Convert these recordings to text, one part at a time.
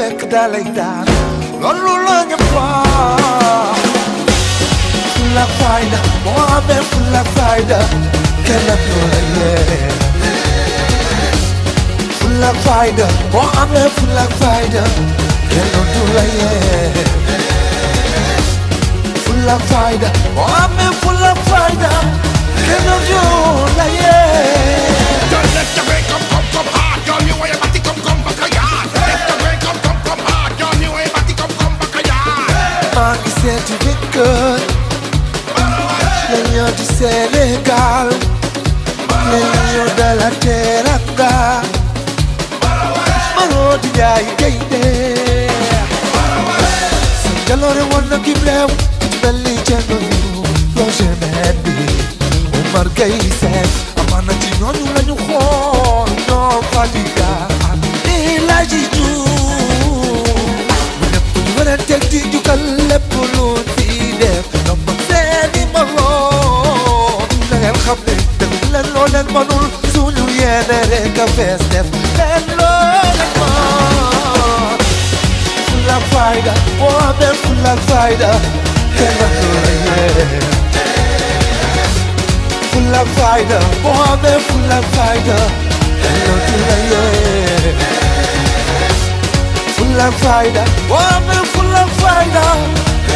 sekdalaydan Lorulangpa Flafayda Moabe flafayda Kena tulaye Flafayda Moabe flafayda Kena tulaye Flafayda Moabe flafayda Kena tulaye certificat l'union du la teranga Marodi Njaay gaynde na kim leew ci mel ni cengo yu yoo jemeen bi Omar Gaye Seck amaana ci ñooñu Fadiga am ni laaji قلب كله تقيلة لما تاني مرة لا الخبر فايدة وعبر كلها فايدة كلها فايدة وعبر كلها فايدة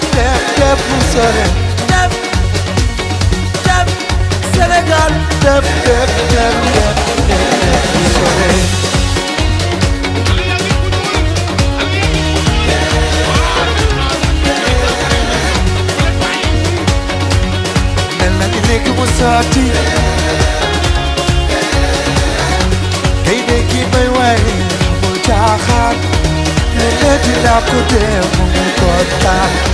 dab, dab, Musare. Dab, dab, Senegal. Dab, dab, dab, dab, dab, Musare. Nella di nek musati. Hey, neki bay wani, mujahat. Nella di la kudem, mukotat.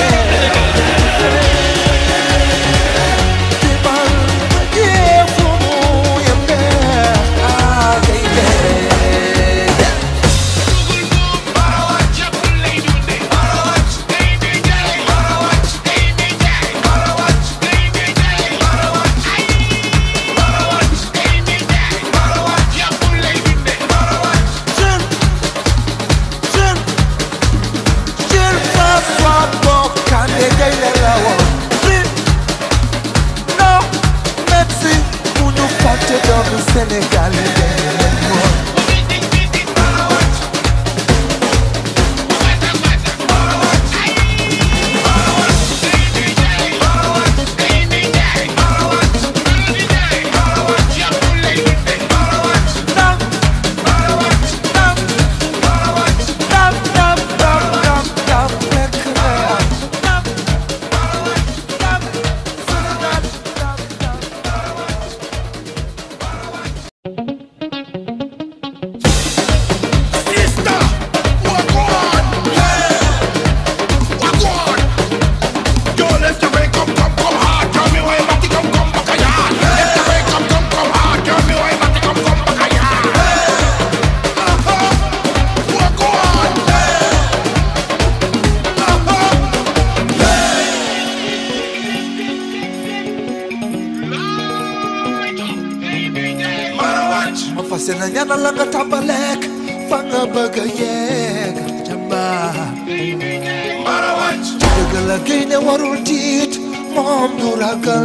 Mom durakal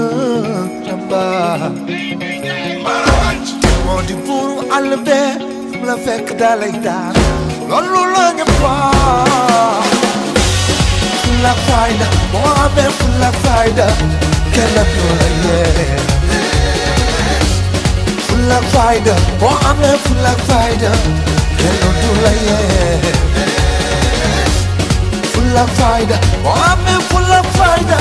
lamba moo di buuru àll bee fu la fekk dalay daan loolu la ñëpp waa fulla fayda moo amee fulla fayda kenn ak ñoo la yee fulla fayda moo amee fulla fayda kenn du la yee fulla fayda moo amee fulla fayda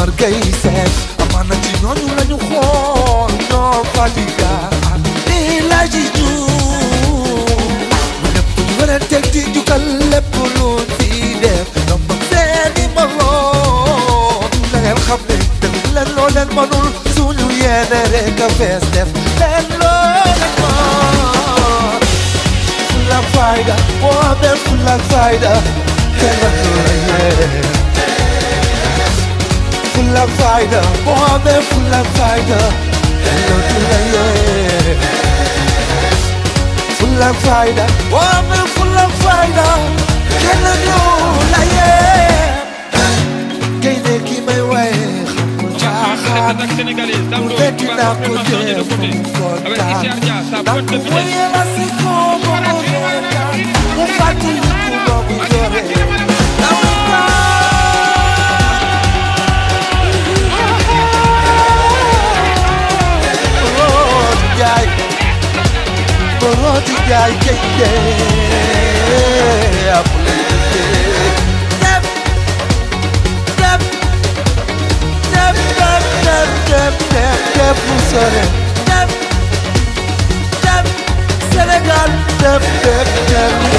margaises Amana tinonu la nyuho no fadiga Ila jiju Mune pungwere tek tiju kalle pulu tidef Nama seni malo Lagal khamne tek lalo lan manul Sulu yene reka festef Lalo lan man Full of fighter, oh I'm full of fighter Hella yeah full of fire, oh, are full of fire. Hello, hello, full of fire, oh, are full of fire. Hello, hello, Gaine qui me way, Betina my way. na kumoye la दिया ये ये अपने Sere, tap, tap, Senegal, tap, tap, tap.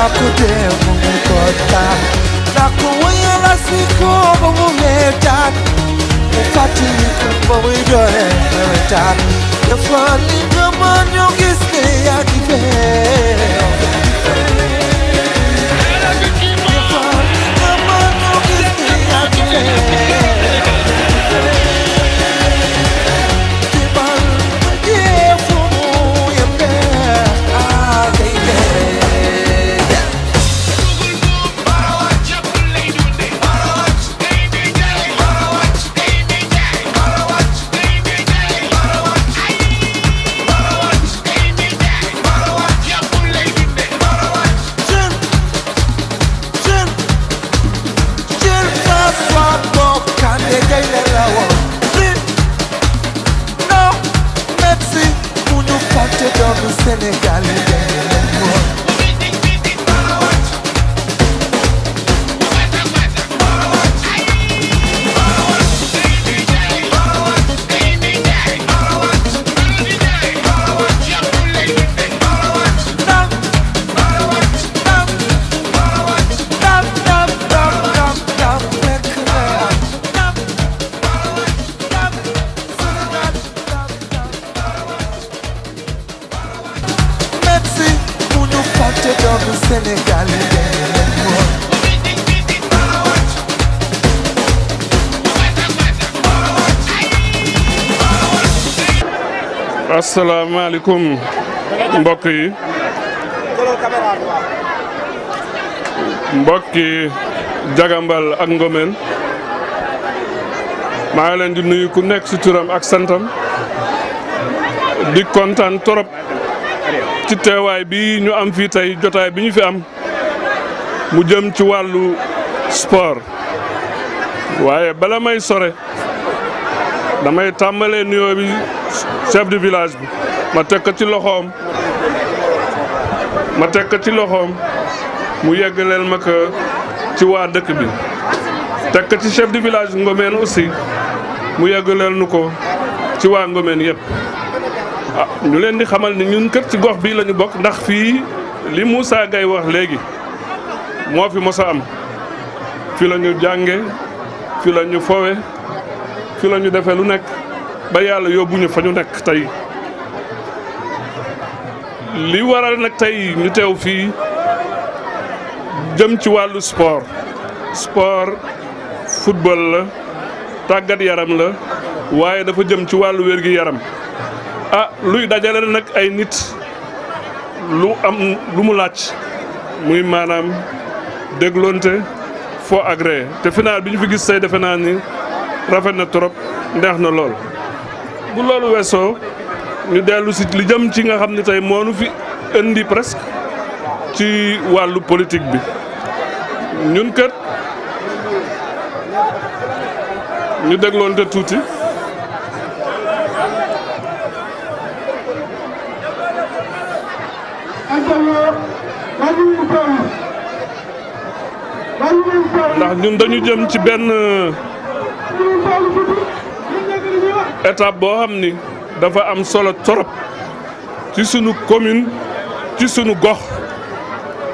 pra poder comportar La comunión así como mujer Fatigué como yo era Eu falei do mano que esteja aqui Eu falei do mano que esteja aqui asalaamaaleykum mbokk yi mbokk yi Jagambal ak Ngomen maa ngi leen di nuyu ku nekk ci turam ak santam di kontaan torop ci teewaay bi ñu am fii tey jotaay bi ñu fi am mu jëm ci wàllu sport waaye bala may sore damay tàmbalee nuyoo bi chef du village bi ma teg ko ci loxoom ma teg ko ci loxoom mu yegg yeggaleel ma ko ci waa dëkk bi teg ko ci chef du village Ngomeen aussi mu yeggaleel nu ko ci waa Ngomeen yëpp. ah ñu leen di xamal ni ñun kër ci gox bii lañu bokk ndax fii li Moussa Gaye wax léegi moo fi mos a am fi la ñu jànge fi la fowe fi la ñu defee lu nekk ba yàlla yóbbuñu fa ñu nekk tey li waral nag tey ñu teew fii jëm ci wàllu sport sport football la tàggat yaram la waaye dafa jëm ci wàllu wér-gi yaram a ah, luy dajale nag ay nit lu am lu mu làcc muy maanaam dégloonte foo agré te final bi ñu fi gis tey defe naa ni rafet na trop neex na lool. bu loolu weesoo ñu dellusi li jëm ci nga xam ne tey moo nu fi indi presque ci wàllu politik bi ñun kët ñu dégloonte tuuti. ndax ñun dañu jëm ci benn. étape boo xam ni dafa am solo torop ci sunu commune ci sunu gox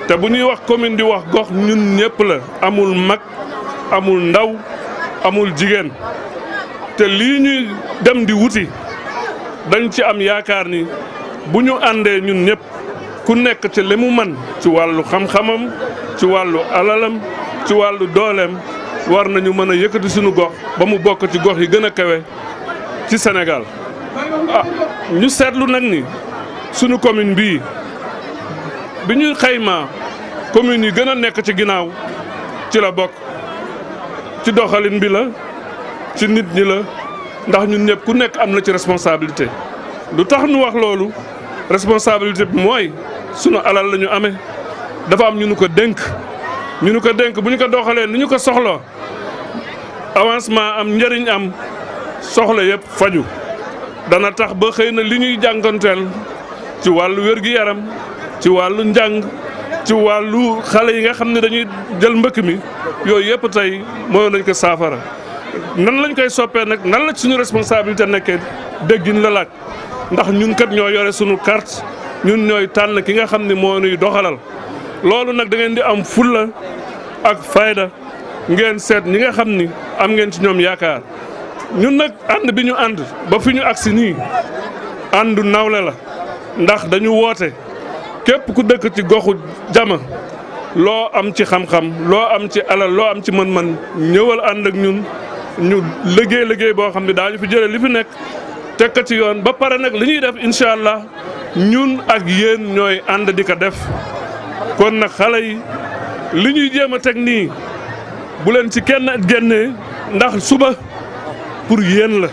te bu ñuy wax commune di wax gox ñun ñëpp la amul mag amul ndaw amul jigéen te lii ñuy dem di wuti dañ ci am yaakaar ni bu ñu àndee ñun ñëpp ku nekk ci li man ci wàllu xam-xamam ci wàllu alalam ci wàllu dooleem war nañu mëna yëkëti suñu gox ba mu bok ci gox yi gëna a ci Sénégal ah, ñu sétlu nak ni suñu commune bii bi ñuy xeyma commune yi gëna nekk ci ginaaw ci la bok ci doxalin bi la ci nit ñi la ndax ñun ñëpp ku nekk am ci responsabilité lu tax ñu wax loolu responsabilité bi mooy alal lañu amé dafa am ñu nu ko dénk ñu ko bu ko ñu ko soxlo avancement am njëriñ am soxla yépp faju dana tax ba xeyna li ñuy jangantel ci walu wér-gi-yaram ci walu njàng ci walu xalé yi nga xamni dañuy jël mbëk mi yoy yépp tay mooyoon lañ ko safara nan lañ koy soppé nak nan la suñu responsabilité nekké deggin la laaj ndax ñun kat ñoo yoré suñu carte ñun ñoy tan ki nga xamni mo ñuy doxalal lolu nak da ngeen di am fulla ak fayda ngeen seet ñi nga xam ni am ngeen ci ñoom yaakaar ñun nag ànd bi ñu ànd ba fi ñu agsi nii àndu nawle la ndax dañu woote képp ku dëkk ci goxu jama loo am ci xam-xam loo am ci alal loo am ci mën man ñëwal ànd ak ñun ñu liggéey liggéey boo xam ne daañu fi jëlee li fi nekk teg ko ci yoon ba pare nag li ñuy def incha allah ñun ak yéen ñooy ànd di ko def kon nag xale yi li ñuy jéem a teg nii. bu ci kenn génnee ndax suba pour yéen la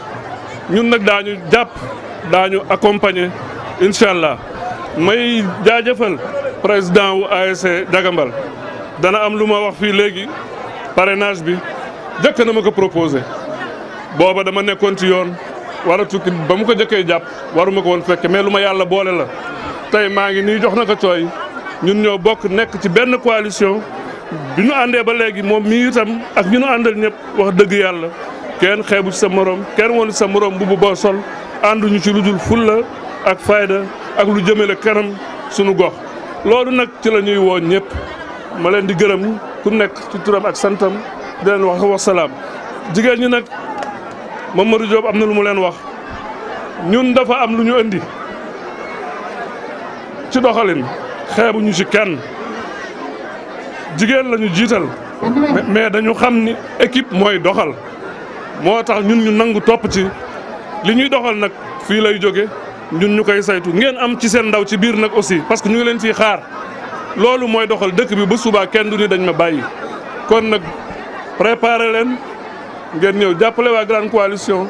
ñun nag daañu jàpp daañu accompagner incha allah may jaajëfal président wu ASC Dagambal dana am lu ma wax fii léegi parrainage bi jëkk na ma ko proposé booba dama nekkoon ci yoon war a ba mu ko jëkkee jàpp waruma ko woon fekke mais lu ma yàlla boole la tey maa ngi nii jox na ko cooy ñun ñoo bokk nekk ci benn coalition bi ñu àndee ba léegi moom mii itam ak ñu nu àndal ñëpp wax dëgg yàlla kenn xeebu ci sa morom kenn wonu ci sa morom bu bu boo sol ànduñu ci lu dul fulla ak fayda ak lu jëmale kanam sunu gox loolu nag ci la ñuy woo ñëpp ma leen di gërëm ku nekk ci turam ak santam di leen wax wasalaam jigéen ñi nag Mamadou Diop am na lu mu leen wax ñun dafa am lu ñu indi ci doxalin ñu ci kenn jigéen la ñu jiital mhm. mais dañu xam ni équipe mooy doxal moo tax ñun ñu nangu topp ci li ñuy doxal nag fii lay jóge ñun ñu koy saytu ngeen am ci seen ndaw ci biir nag aussi parce que ñu ngi leen fii xaar loolu mooy doxal dëkk bi ba subaa kenn du ni dañ ma bàyyi kon nag préparer leen ngeen ñëw jàppale waa grande coalition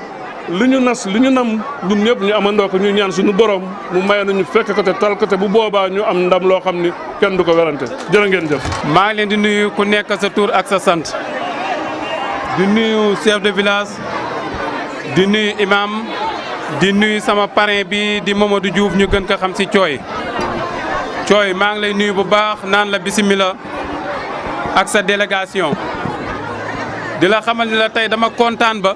lu ñu nas lu ñu nam ñun ñëpp ñu amandoo ko ñu ñaan suñu borom mu maye nañu fekk ko te tal ko te bu boobaa ñu am ndam loo xam ni kenn du ko werante jërë ngeen jëf. maa ngi leen di nuyu ku nekk sa tur ak sa sant di nuyu chef de village di nuyu imam di nuyu sama parrain bi di Mamadou Diouf ñu gën ko xam si cooy cooy maa ngi lay nuyu bu baax naan la bisimilah ak sa délégation di la xamal ni la tey dama kontaan ba.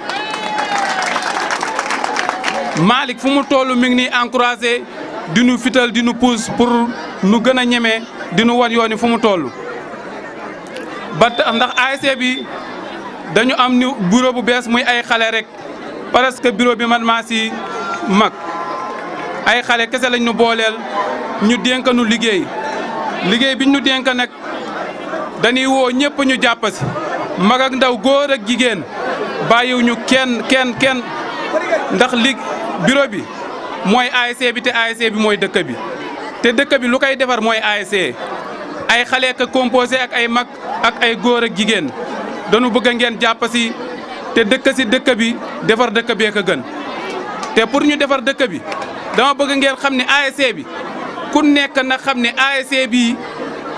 Malick fu mu toll mi ngi nii encouragé di nu fital di nu pousse pour nu gën a ñeme di nu wan yoon fu mu toll. ba ndax ASC bi dañu am ni bureau bu bees muy ay xale rek parce que bureau bi man maa si mag ay xale kese lañ nu booleel ñu dénk nu liggéey liggéey bi ñu dénk nag dañuy woo ñëpp ñu jàpp si mag ak ndaw góor ak jigéen bàyyiwuñu kenn kenn kenn ndax li bureau bi mooy ASC bi te ASC bi mooy dëkk bi te dëkk bi lu koy defar mooy ASC ay xale ka composé ak ay mag ak ay góor ak jigéen dañu bëgg ngeen jàpp si te dëkk si dëkk bi defar dëkk bee ko gën te pour ñu defar dëkk bi dama bëgg ngeen xam ne ASC bi ku nekk na xam ne ASC bi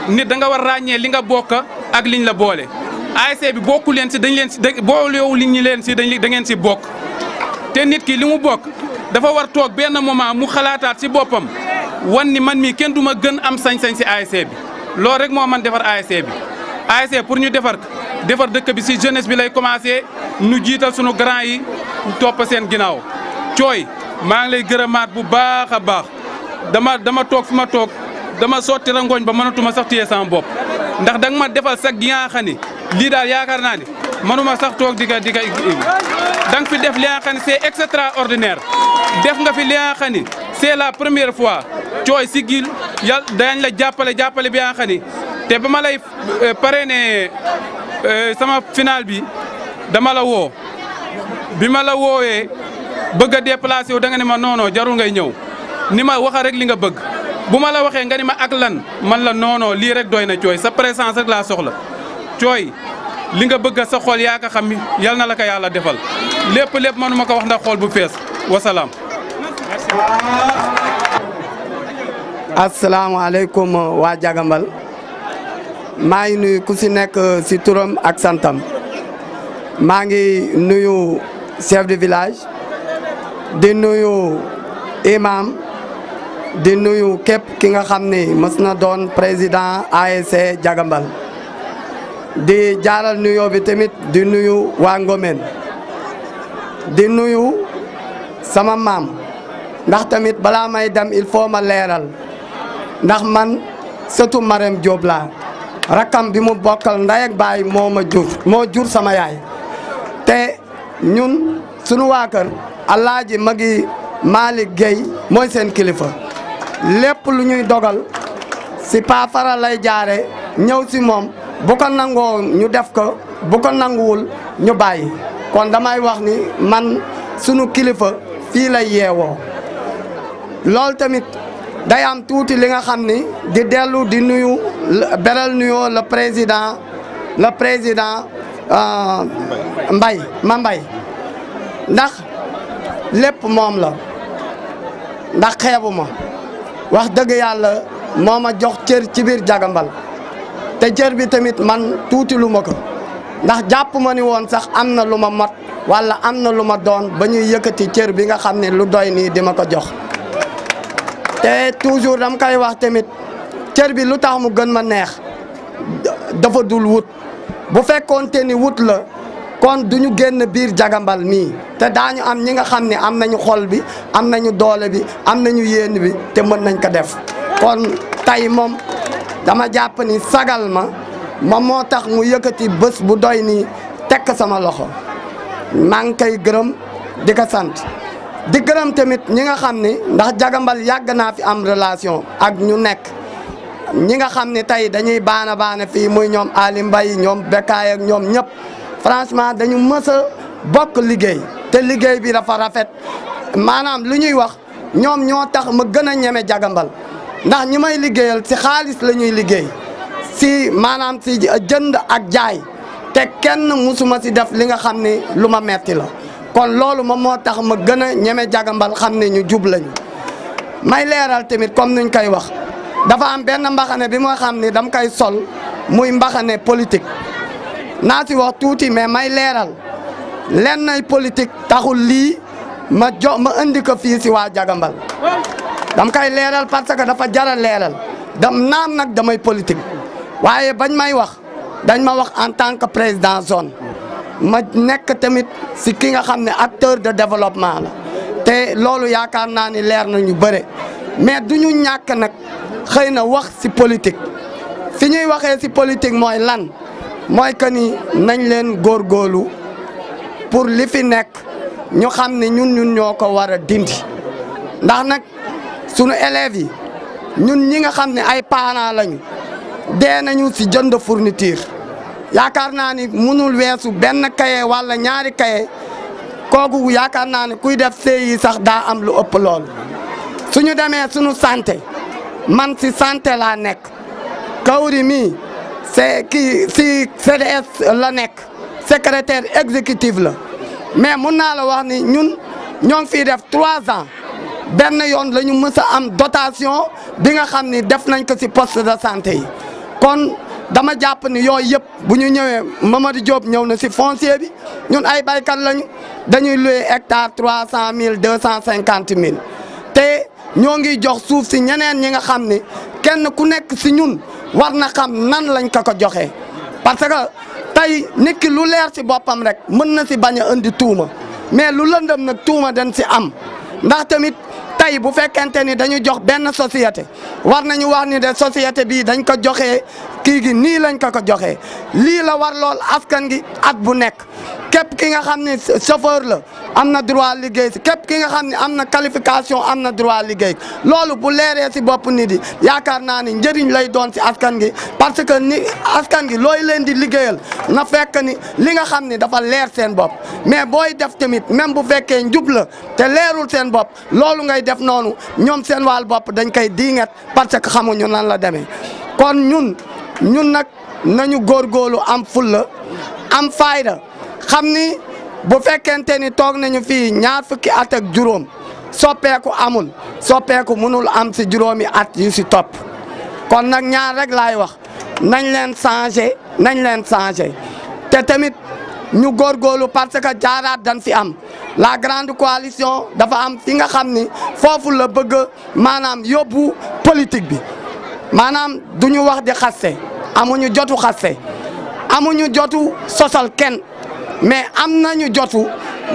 nit da nga war ràññee li nga bokk ak liñ la boole ASC bi bokku leen si dañ leen si boolewul li ñu leen si dañ da ngeen si bokk te nit ki li mu bokk dafa war toog benn moment mu xalaataat si boppam wan ni man mii kenn du ma gën am sañsañ si ASC bi loolu rek moo man defar ASC bi ASC pour ñu defar defar dëkk bi si jeunesse bi lay commencé nu jiital sunu grand yi topp seen ginnaaw cooy maa ngi lay gërëmaat bu baax a baax dama dama toog fu ma toog dama sotti ngooñ ba mënatuma sax téye sama bopp ndax danga ma defal sag gi nga xam lii daal yaakaar naa ni manuma sax tok diga diga dang fi def li nga xani c'est extraordinaire def nga fi li nga xani c'est la première fois toy sigil yàlla dañ la jappalé jappalé bi nga xani té bama lay euh, parrainé euh, sama final bi dama la wo bima la wowe bëgg déplacer da nga ni ma noonoo jarul ngay ñëw ni ma waxa rek li nga bëgg buma la waxee nga ni ma ak lan man la noonoo li rek doyna toy sa présence rek la soxla toy li nga bëgg sa xool yaa ko xam yal na la ko yàlla defal lépp lépp ma ko wax ndax xool bu fees wasalaam. asalaamaaleykum waa Jagambal maa ngi nuyu ku si nekk si turam ak santam maa ngi nuyu chef de village di nuyu imam di nuyu képp ki nga xam ni mës na doon président ASC Jagambal. di jaaral nuyoo bi tamit di nuyu waa Ngomeen di nuyu sama maam ndax tamit balaa may dam il faut ma leeral ndax man sëtu Marème Diop laa rakkam bi mu bokkal ndey baay moo ma jur moo jur sama yaay te ñun sunu waa kër Alaaji Magi Malick Gueye mooy seen kilifa lépp lu ñuy dogal si paafara jaare ñëw si moom bu ko nangoo ñu def ko bu ko nanguwul ñu bàyyi kon damay wax ni man sunu kilifa fii la yeewoo loolu tamit day am tuuti li nga xam ni di dellu di nuyu beral nuyoo le président la président euh, mbay ma Mbaye ndax lépp moom la ndax xeebu ma wax dëgg yàlla moom a jox cër ci biir jagambal te jër bi tamit man tuuti lu ma ko ndax jàppuma ni woon sax am na lu ma mat wala am na lu ma doon ba ñuy yëkkati cër bi nga xam ne lu doy nii di ma ko jox te toujours dam kay wax tamit cër bi lu tax mu gën ma neex dafa dul wut bu fekkoonte ni wut la kon du ñu génn biir jagambal mii te daañu am ñi nga xam ni am nañu xol bi am nañu doole bi am nañu yéen bi te mën nañ ko def kon tey moom dama jàpp ni sagal ma moom moo tax mu yëkkati bés bu doy nii tekk sama loxo maa ngi koy gërëm di ko sant di gërëm tamit ñi nga xam ni ndax jagambal yàgg naa fi am relation ak ñu nekk ñi nga xam ni tey dañuy baana baana fi muy ñoom Ali Mbaye ñoom Bekaay ak ñoom ñëpp franchement dañu mës a bokk liggéey te liggéey bi dafa rafet maanaam lu ñuy wax ñoom ñoo tax ma gën a ñeme jagambal ndax ñi may liggéeyal si xaalis lañuy liggéey si maanaam si jënd ak jaay te kenn musuma si def li nga xam ni lu ma metti la kon loolu moom moo tax ma gën a ñeme jagambal xam ne ñu jub lañu may leeral tamit comme nuñ koy wax dafa am benn mbaxane bi ma xam ni dam koy sol muy mbaxane politique naa si wax tuuti mais may leeral lenn ay politique taxul lii ma jo indi ko fii si waa jagambal dam kay leeral parce que dafa jaral leeral dam naam nag damay politique waaye bañ may wax dañ ma wax en tant que président zone ma nekk tamit si ki nga xam ne acteur de développement la te loolu yaakaar naa ni leer na ñu bëre mais du ñu ñàkk nag xëy na wax si politique fi ñuy waxee si politique mooy lan mooy que ni nañ leen góor góorgóorlu pour li fi nekk ñu xam ne ñun ñun ñoo ko war a dindi ndax nag sunu élèves yi ñun ñi nga xam ne ay parents lañu dee nañu si jënd fourniture yaakaar naa ni mënul weesu benn kaye wala ñaari kaye kooku yaakaar naa ne kuy def séy yi sax daa am lu ëpp lool suñu demee suñu santé man si santé la nekk Kawri mi c'est kii si CDS la nekk secrétaire exécutif la mais mun naa la wax ni ñun ñoo ngi fiy def trois ans benn yoon la ñu mës a am dotation bi nga xam ni def nañ ko ci poste de santé yi kon dama jàpp ni yooyu yëpp bu ñu ñëwee Mamadou Diop ñëw na si foncier bi ñun ay baykat lañu dañuy loué hectare trois cent mille deux cent cinquante mille te ñoo ngi jox suuf si ñeneen ñi nga xam ni kenn ku nekk si ñun war na xam nan lañ ko ko joxee parce que tey nit lu leer si boppam rek mën na si bañ a indi tuuma mais lu lëndëm nag tuuma dañ si am ndax tamit tey bu fekkente ni dañu jox benn société war nañu wax ni de société bii dañ ko joxe kii gi nii lañ ko ko joxee lii la war lool askan gi at bu nekk képp ki nga xam ne chauffeur la am na droit liggéey si képp ki nga xam ne am na qualification am na droit liggéey loolu bu leeree si bopp nit yi yaakaar naa ni njëriñ lay doon si askan gi parce que ni askan gi looy leen di liggéeyal na fekk ni li nga xam ne dafa leer seen bopp mais booy def tamit même bu fekkee njub la te leerul seen bopp loolu ngay def noonu ñoom seen waal bopp dañ koy diingat parce que xamuñu nan la demee kon ñun ñun nag nañu góorgóorlu am fulla am fayda xam ni bu fekkente ni toog nañu fi ñaar fukki at ak juróom soppeeku amul soppeeku mënul am si juróomi at yu si topp kon nag ñaar rek laay wax nañ leen changé nañ leen changé te tamit ñu góorgóorlu parce que jaaraat dan fi am la grande coalition dafa am fi nga xam ni foofu la bëgg maanaam yóbbu politique bi maanaam du ñu wax di xaste amuñu jotu xaste amuñu jotu sosal kenn mais am nañu jotu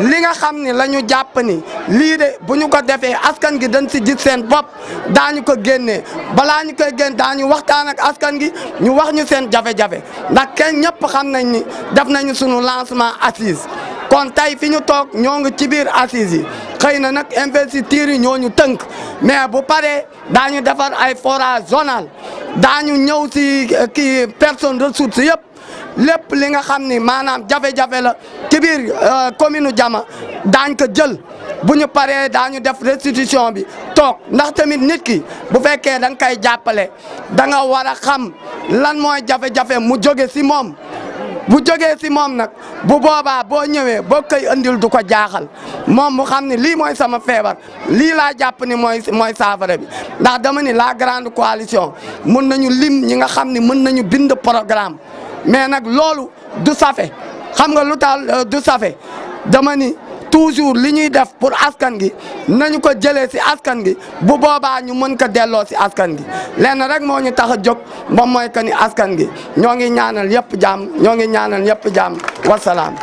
li nga xam ni la ñu jàpp ni lii de bu ñu ko defee askan gi dañ si gis seen bopp daañu ko génnee balaa ñu ko génn daañu waxtaan ak askan gi ñu wax ñu seen jafe-jafe ndax kenn ñëpp xam nañ ni def nañu sunu lancement assise kon tey fi ñu toog ñoo ngi ci biir assise yi xëy na nag investiture yi ñoo ñu tënk mais bu paree daañu defar ay forage zonal daañu ñëw si eh, kii personne ressource yëpp. lépp li nga xam ni maanaam jafe-jafe la ci biir euh, commune jama daañ ko jël bu ñu paree daañu def restitution bi toog ndax tamit nit ki bu fekkee da nga koy jàppale da nga war a xam lan mooy jafe-jafe mu jóge si moom bu jógee si moom nag bu boobaa boo ñëwee boo koy andil du ko jaaxal moom mu xam ne lii mooy sama feebar lii laa jàpp ni mooy mooy saafara bi ndax dama ni la grande coalition mun nañu lim ñi nga xam ne mën nañu bind programme mais nag loolu du safe xam nga lu taal euh, du safe dama ni toujours li ñuy def pour askan gi nañu ko jëlee si askan gi bu boobaa ñu mën ko delloo si askan gi lenn rek moo ñu tax a jóg moom mooy que ni askan gi ñoo ngi ñaanal yëpp jàmm ñoo ngi ñaanal yëpp jàmm wasalaam.